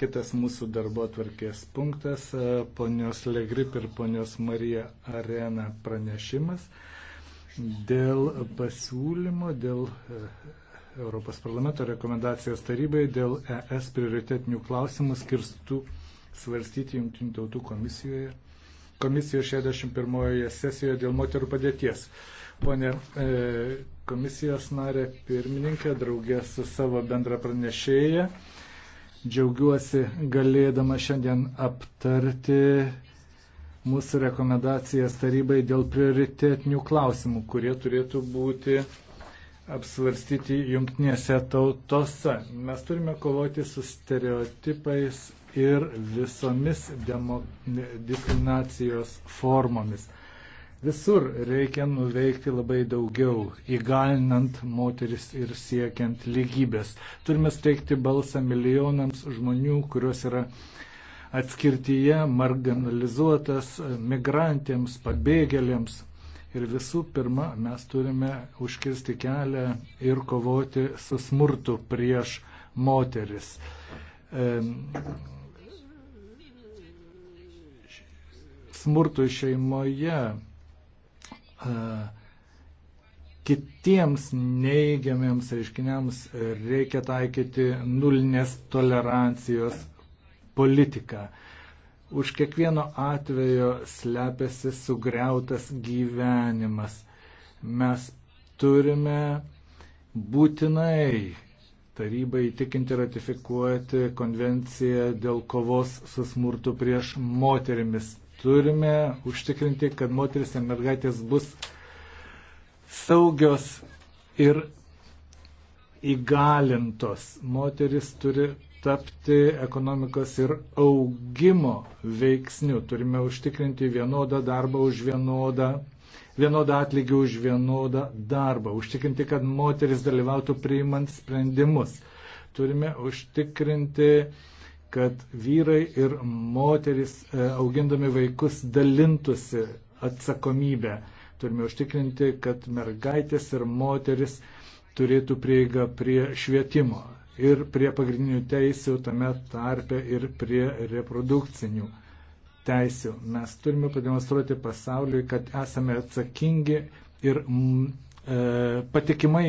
Kitas mūsų darbo tvarkės punktas e, - ponios Legrip ir ponios Marija Arena pranešimas dėl pasiūlymo, dėl e, Europos parlamento rekomendacijos tarybai dėl ES prioritetinių klausimų skirstų svarstyti Junktinių tautų komisijoje, komisijos 61 sesijoje dėl moterų padėties. Pone e, komisijos narė pirmininkė, draugė su savo bendra pranešėja. Džiaugiuosi galėdama šiandien aptarti mūsų rekomendacijas tarybai dėl prioritetinių klausimų, kurie turėtų būti apsvarstyti jungtinėse tautose. Mes turime kovoti su stereotipais ir visomis diskriminacijos formomis. Visur reikia nuveikti labai daugiau, įgalinant moteris ir siekiant lygybės. Turime steigti balsą milijonams žmonių, kurios yra atskirtyje, marginalizuotas, migrantėms, pabėgėlėms. Ir visų pirma, mes turime užkirsti kelią ir kovoti su smurtu prieš moteris. Smurtui šeimoje E, kitiems neigiamiams reiškiniams reikia taikyti nulinės tolerancijos politiką. Už kiekvieno atvejo slepiasi sugriautas gyvenimas. Mes turime būtinai tarybai įtikinti ratifikuoti konvenciją dėl kovos su smurtu prieš moterimis turime užtikrinti, kad moteris ir mergaitės bus saugios ir įgalintos. Moteris turi tapti ekonomikos ir augimo veiksniu. Turime užtikrinti vienodą darbą už vienodą, vienodą atlygį už vienodą darbą. Užtikrinti, kad moteris dalyvautų priimant sprendimus. Turime užtikrinti uh, kad vyrai ir moteris e, augindami vaikus dalintusi atsakomybę. Turime užtikrinti, kad mergaitės ir moteris turėtų prieigą prie švietimo ir prie pagrindinių teisių, tame tarpe ir prie reprodukcinių teisių. Mes turime pademonstruoti pasauliui, kad esame atsakingi ir m, mm, e, patikimai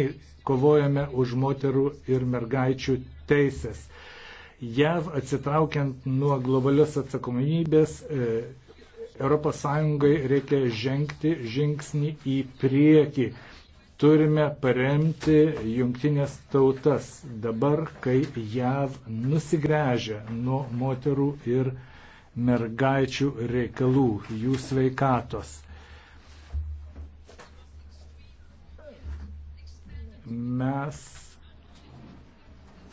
kovojame už moterų ir mergaičių teisės. JAV atsitraukiant nuo globalios atsakomybės, ES reikia žengti žingsnį į priekį. Turime paremti jungtinės tautas dabar, kai JAV nusigręžia nuo moterų ir mergaičių reikalų, jų sveikatos. Mes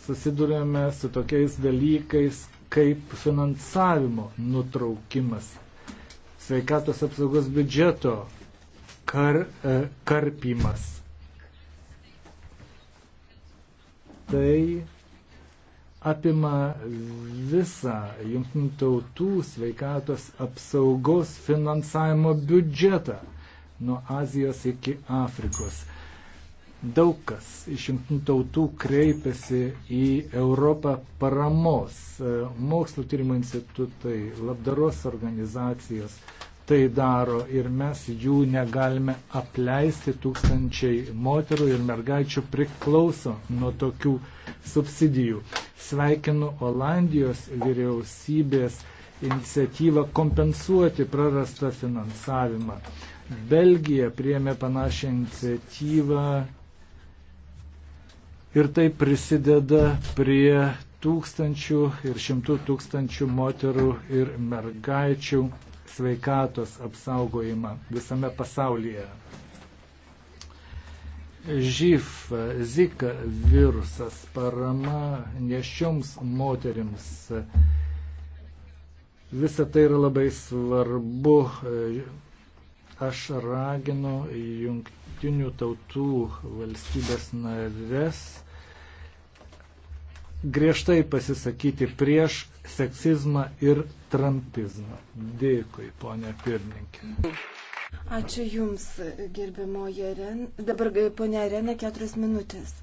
susidurėme su tokiais dalykais kaip finansavimo nutraukimas, sveikatos apsaugos biudžeto kar, e, karpimas. Tai apima visą jungtinių tautų sveikatos apsaugos finansavimo biudžetą nuo Azijos iki Afrikos. Daug kas iš jungtinių tautų kreipiasi į Europą paramos. E, mokslo tyrimo institutai, labdaros organizacijos tai daro ir mes jų negalime apleisti. Tūkstančiai moterų ir mergaičių priklauso nuo tokių subsidijų. Sveikinu Olandijos vyriausybės iniciatyvą kompensuoti prarastą finansavimą. Belgija priemė panašią iniciatyvą ir tai prisideda prie tūkstančių ir šimtų tūkstančių moterų ir mergaičių sveikatos apsaugojimą visame pasaulyje. Žyf, Zika virusas, parama nešioms moterims. Visa tai yra labai svarbu. Aš raginu jungtinių tautų valstybės narės griežtai pasisakyti prieš seksizmą ir trampizmą. Dėkui, ponė pirmininkė. Ačiū Jums, gerbimoje Ren. Dabar e, ponė Rena, keturias minutės.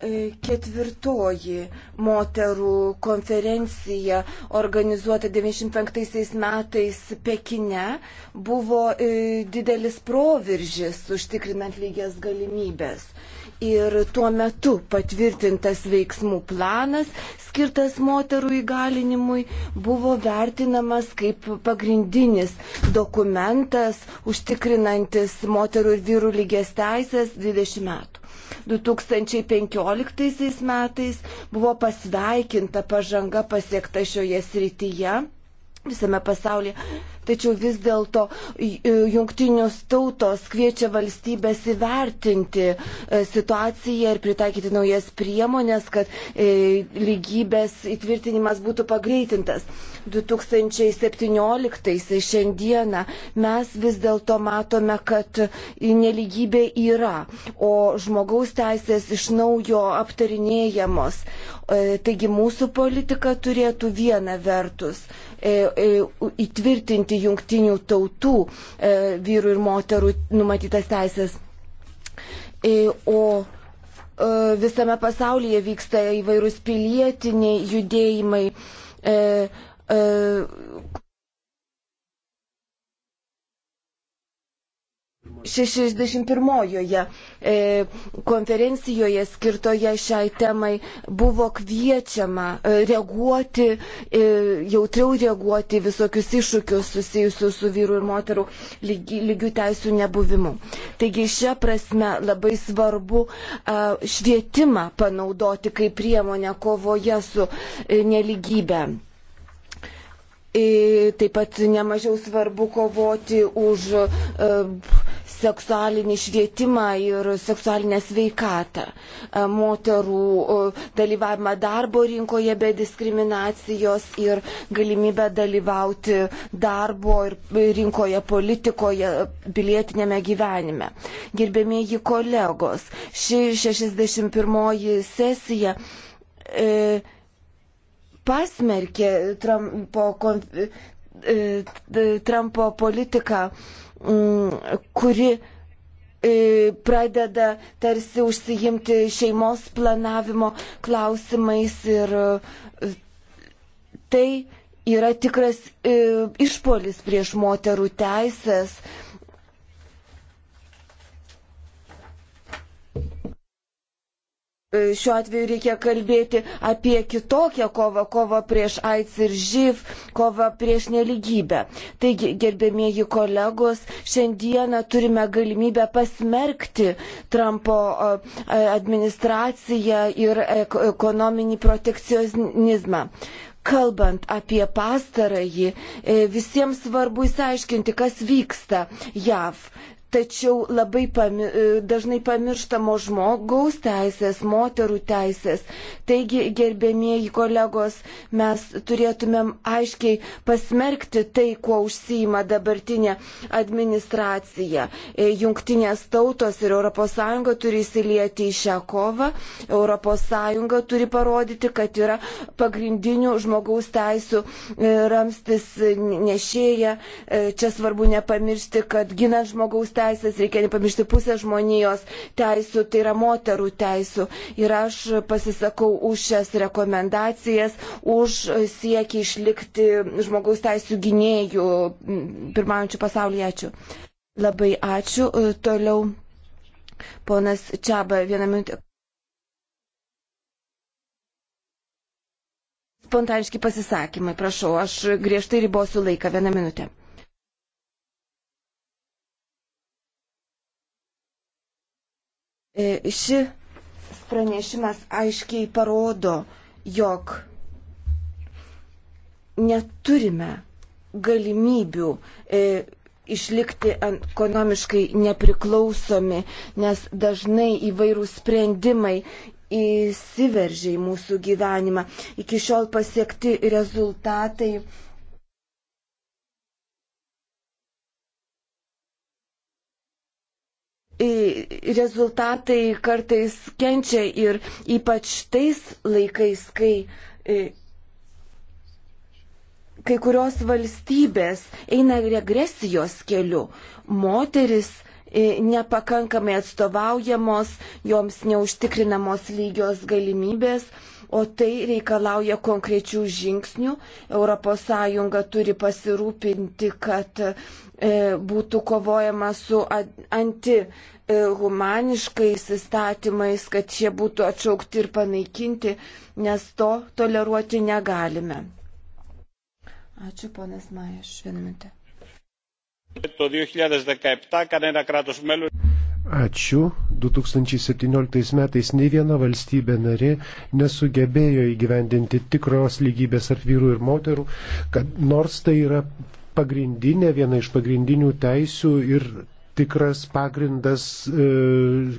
E, ketvirtoji moterų konferencija organizuota 95 metais Pekine buvo e, didelis proveržis užtikrinant lygias galimybės ir tuo metu patvirtintas veiksmų planas, skirtas moterų įgalinimui, buvo vertinamas kaip pagrindinis dokumentas, užtikrinantis moterų ir vyrų lygės teisės 20 metų. 2015 metais buvo pasveikinta pažanga pasiekta šioje srityje visame pasaulyje tačiau vis dėlto e, jungtinius tautos kviečia valstybės įvertinti e, situaciją ir pritaikyti naujas priemonės, kad e, lygybės įtvirtinimas būtų pagreitintas. 2017 šiandieną mes vis dėlto matome, kad neligybė yra, o žmogaus teisės iš naujo aptarinėjamos. Taigi mūsų politika turėtų viena vertus įtvirtinti įgyvendinti jungtinių tautų e, vyrų ir moterų numatytas teisės. E, o e, visame pasaulyje vyksta įvairūs pilietiniai judėjimai. E, e 61-ojoje e, konferencijoje skirtoje šiai temai buvo kviečiama e, reaguoti, e, jautriau reaguoti visokius iššūkius susijusius su vyrų ir moterų lygių teisų nebuvimu. Taigi šią prasme labai svarbu švietimą panaudoti kaip priemonę kovoje su neligybė. Taip pat nemažiau svarbu kovoti už seksualinį švietimą ir seksualinę sveikatą, e, moterų dalyvavimą darbo rinkoje be diskriminacijos ir galimybę dalyvauti darbo ir rinkoje, politikoje, pilietinėme gyvenime. Gerbėmėji kolegos, ši 61 sesija e, pasmerkė Trumpo, kon, e, Trumpo politiką Mm, kuri e, pradeda tarsi užsijimti šeimos planavimo klausimais ir e, tai yra tikras e, išpolis prieš moterų teisės. E, šiuo atveju reikia kalbėti apie kitokią kovą, kovą prieš AIDS ir živ, kovą prieš neligybę. Taigi, gerbėmėji kolegos, šiandieną turime galimybę pasmerkti Trumpo e, administraciją ir ekonominį protekcionizmą. Kalbant apie pastarąjį, e, visiems svarbu įsiaiškinti, kas vyksta JAV tačiau labai pami, e, dažnai pamirštamo žmogaus teisės, moterų teisės. Taigi, gerbėmieji kolegos, mes turėtumėm aiškiai pasmerkti tai, kuo užsima dabartinė administracija. E, jungtinės tautos ir ES turi įsilieti į šią kovą, ES turi parodyti, kad yra pagrindinių žmogaus teisų e, ramstis nešėja. Čia svarbu nepamiršti, kad ginant žmogaus teisės, teisės, reikia nepamiršti pusę žmonijos teisų, tai yra moterų teisų. Ir aš pasisakau už šias rekomendacijas, už siekį išlikti žmogaus teisų gynėjų pirmaujančių pasaulyje. Ačiū. Labai ačiū. Toliau ponas Čiaba, vieną minutę. spontaniški pasisakymai. Prašau, aš griežtai ribosiu laiką. Vieną minutę. E, ši pranešimas aiškiai parodo, jog neturime galimybių e, išlikti ekonomiškai nepriklausomi, nes dažnai įvairūs sprendimai įsiveržia į mūsų gyvenimą. Iki šiol pasiekti rezultatai rezultatai kartais kenčia ir ypač tais laikais, kai e, kai kurios valstybės eina regresijos keliu. Moteris e, nepakankamai atstovaujamos, joms neužtikrinamos lygios galimybės, o tai reikalauja konkrečių žingsnių. ES turi pasirūpinti, kad E, būtų kovojama su antihumaniškais įstatymais, kad šie būtų atšaukti ir panaikinti, nes to toleruoti negalime. Ačiū, ponas Majas, vieną minutę. Ačiū. 2017 metais nei viena valstybė narė nesugebėjo įgyvendinti tikros lygybės tarp vyrų ir moterų, kad nors tai yra pagrindinė, viena iš pagrindinių teisių ir tikras pagrindas e,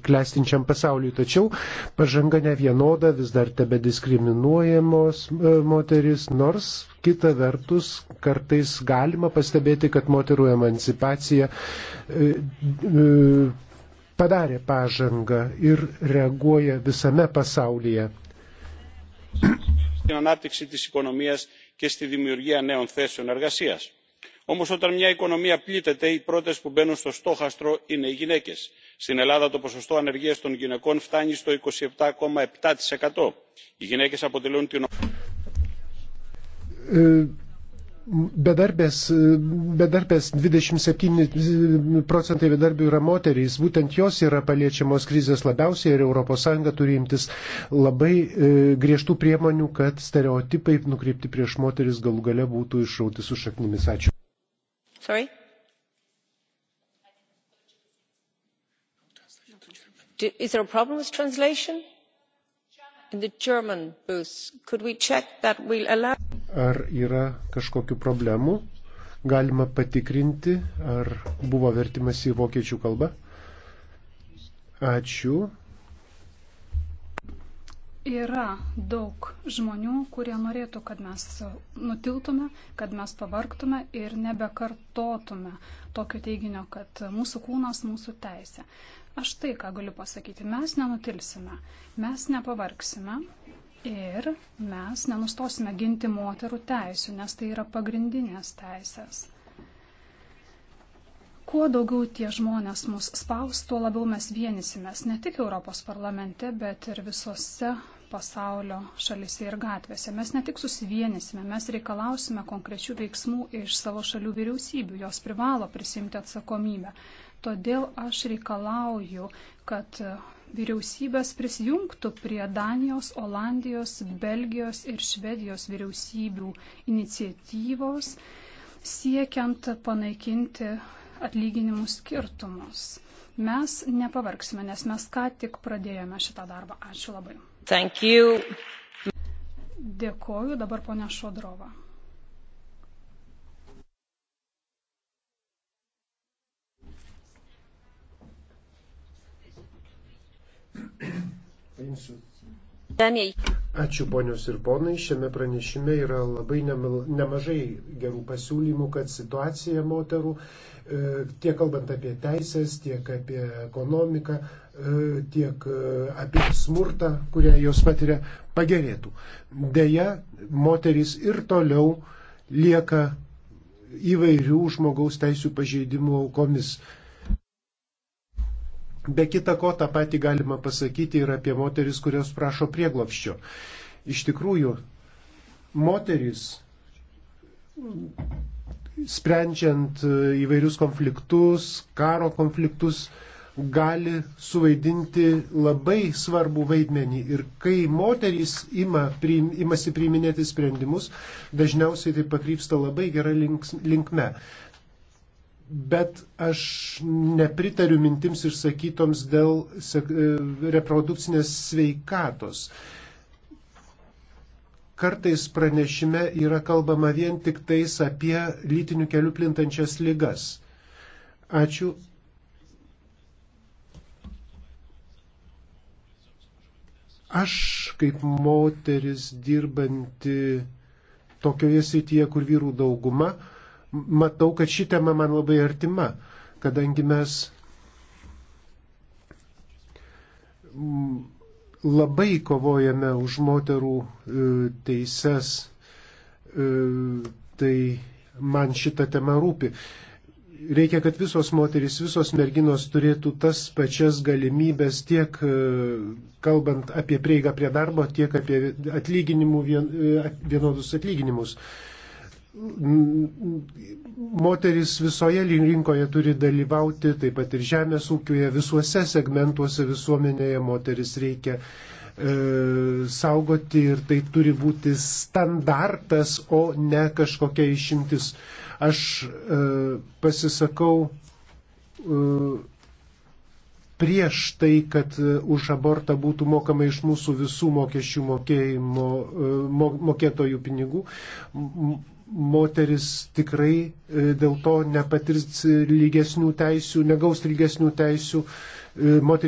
klestinčiam pasauliu. Tačiau pažanga ne vienoda, vis dar tebe diskriminuojamos e, moteris, nors kita vertus kartais galima pastebėti, kad moterų emancipacija e, e, padarė pažangą ir reaguoja visame pasaulyje. στην ανάπτυξη της οικονομίας και στη δημιουργία νέων θέσεων εργασίας όμως όταν μια οικονομία πλήττεται οι πρώτες που μπαίνουν στο στόχαστρο είναι οι γυναίκες. στην ελλάδα το ποσοστό ανεργίας των γυναικών φτάνει στο. είκοσι επτά επτά οι γυναίκες αποτελούν την. Bedarbės, bedarbės 27 procentai bedarbių yra moterys, būtent jos yra paliečiamos krizės labiausiai ir ES turi imtis labai e, griežtų priemonių, kad stereotipai nukreipti prieš moteris galų gale būtų išrauti su šaknimis. Ačiū is there a problem with translation? in the german booth could we check that we'll allow. ar yra kažkokių problemų? galima patikrinti ar buvo vertimas į vokiečių kalbą. ačiū. Yra daug žmonių, kurie norėtų, kad mes nutiltume, kad mes pavarktume ir nebekartotume tokio teiginio, kad mūsų kūnas mūsų teisė. Aš tai, ką galiu pasakyti, mes nenutilsime, mes nepavarksime ir mes nenustosime ginti moterų teisų, nes tai yra pagrindinės teisės. Kuo daugiau tie žmonės mus spaus, tuo labiau mes vienysimės ne tik Europos parlamente, bet ir visose pasaulio šalise ir gatvėse. Mes ne tik susivienysime, mes reikalausime konkrečių veiksmų iš savo šalių vyriausybių, jos privalo prisimti atsakomybę. Todėl aš reikalauju, kad vyriausybės prisijungtų prie Danijos, Olandijos, Belgijos ir Švedijos vyriausybių iniciatyvos siekiant panaikinti atlyginimų skirtumus. Mes nepavargsime, nes mes ką tik pradėjome šitą darbą. Ačiū labai. Thank you. Dėkoju dabar ponia Šodrova. Paimsiu. Ačiū ponios ir ponai, šiame pranešime yra labai nemažai gerų pasiūlymų, kad situacija moterų, e, tiek kalbant apie teisės, tiek apie ekonomiką, e, tiek e, apie smurtą, kurią jos patiria, pagerėtų. Deja, moteris ir toliau lieka įvairių žmogaus teisų pažeidimų aukomis. Be kita ko, tą patį galima pasakyti ir apie moteris, kurios prašo prieglopščio. Iš tikrųjų, moteris, sprendžiant e, įvairius konfliktus, karo konfliktus, gali suvaidinti labai svarbų vaidmenį. Ir kai moterys ima, priim, imasi priiminėti sprendimus, dažniausiai tai pakrypsta labai gerą linkme bet aš nepritariu mintims išsakytoms dėl e, reprodukcinės sveikatos. Kartais pranešime yra kalbama vien tik tais apie lytinių kelių plintančias lygas. Ačiū. Aš kaip moteris dirbanti tokioje srityje, kur vyrų dauguma, matau, kad ši tema man labai artima, kadangi mes labai kovojame už moterų e, teises, e, tai man šita tema rūpi. Reikia, kad visos moterys, visos merginos turėtų tas pačias galimybės tiek e, kalbant apie prieigą prie darbo, tiek apie atlyginimų, vienodus atlyginimus moteris visoje rinkoje turi dalyvauti, taip pat ir žemės ūkiuje, visuose segmentuose visuomenėje moteris reikia e, saugoti ir tai turi būti standartas, o ne kažkokia išimtis. Aš e, pasisakau e, prieš tai, kad e, už abortą būtų mokama iš mūsų visų mokesčių mokėjimo, e, mokėtojų pinigų moteris tikrai e, dėl to nepatirs lygesnių teisių, negaus lygesnių teisių, e, moteris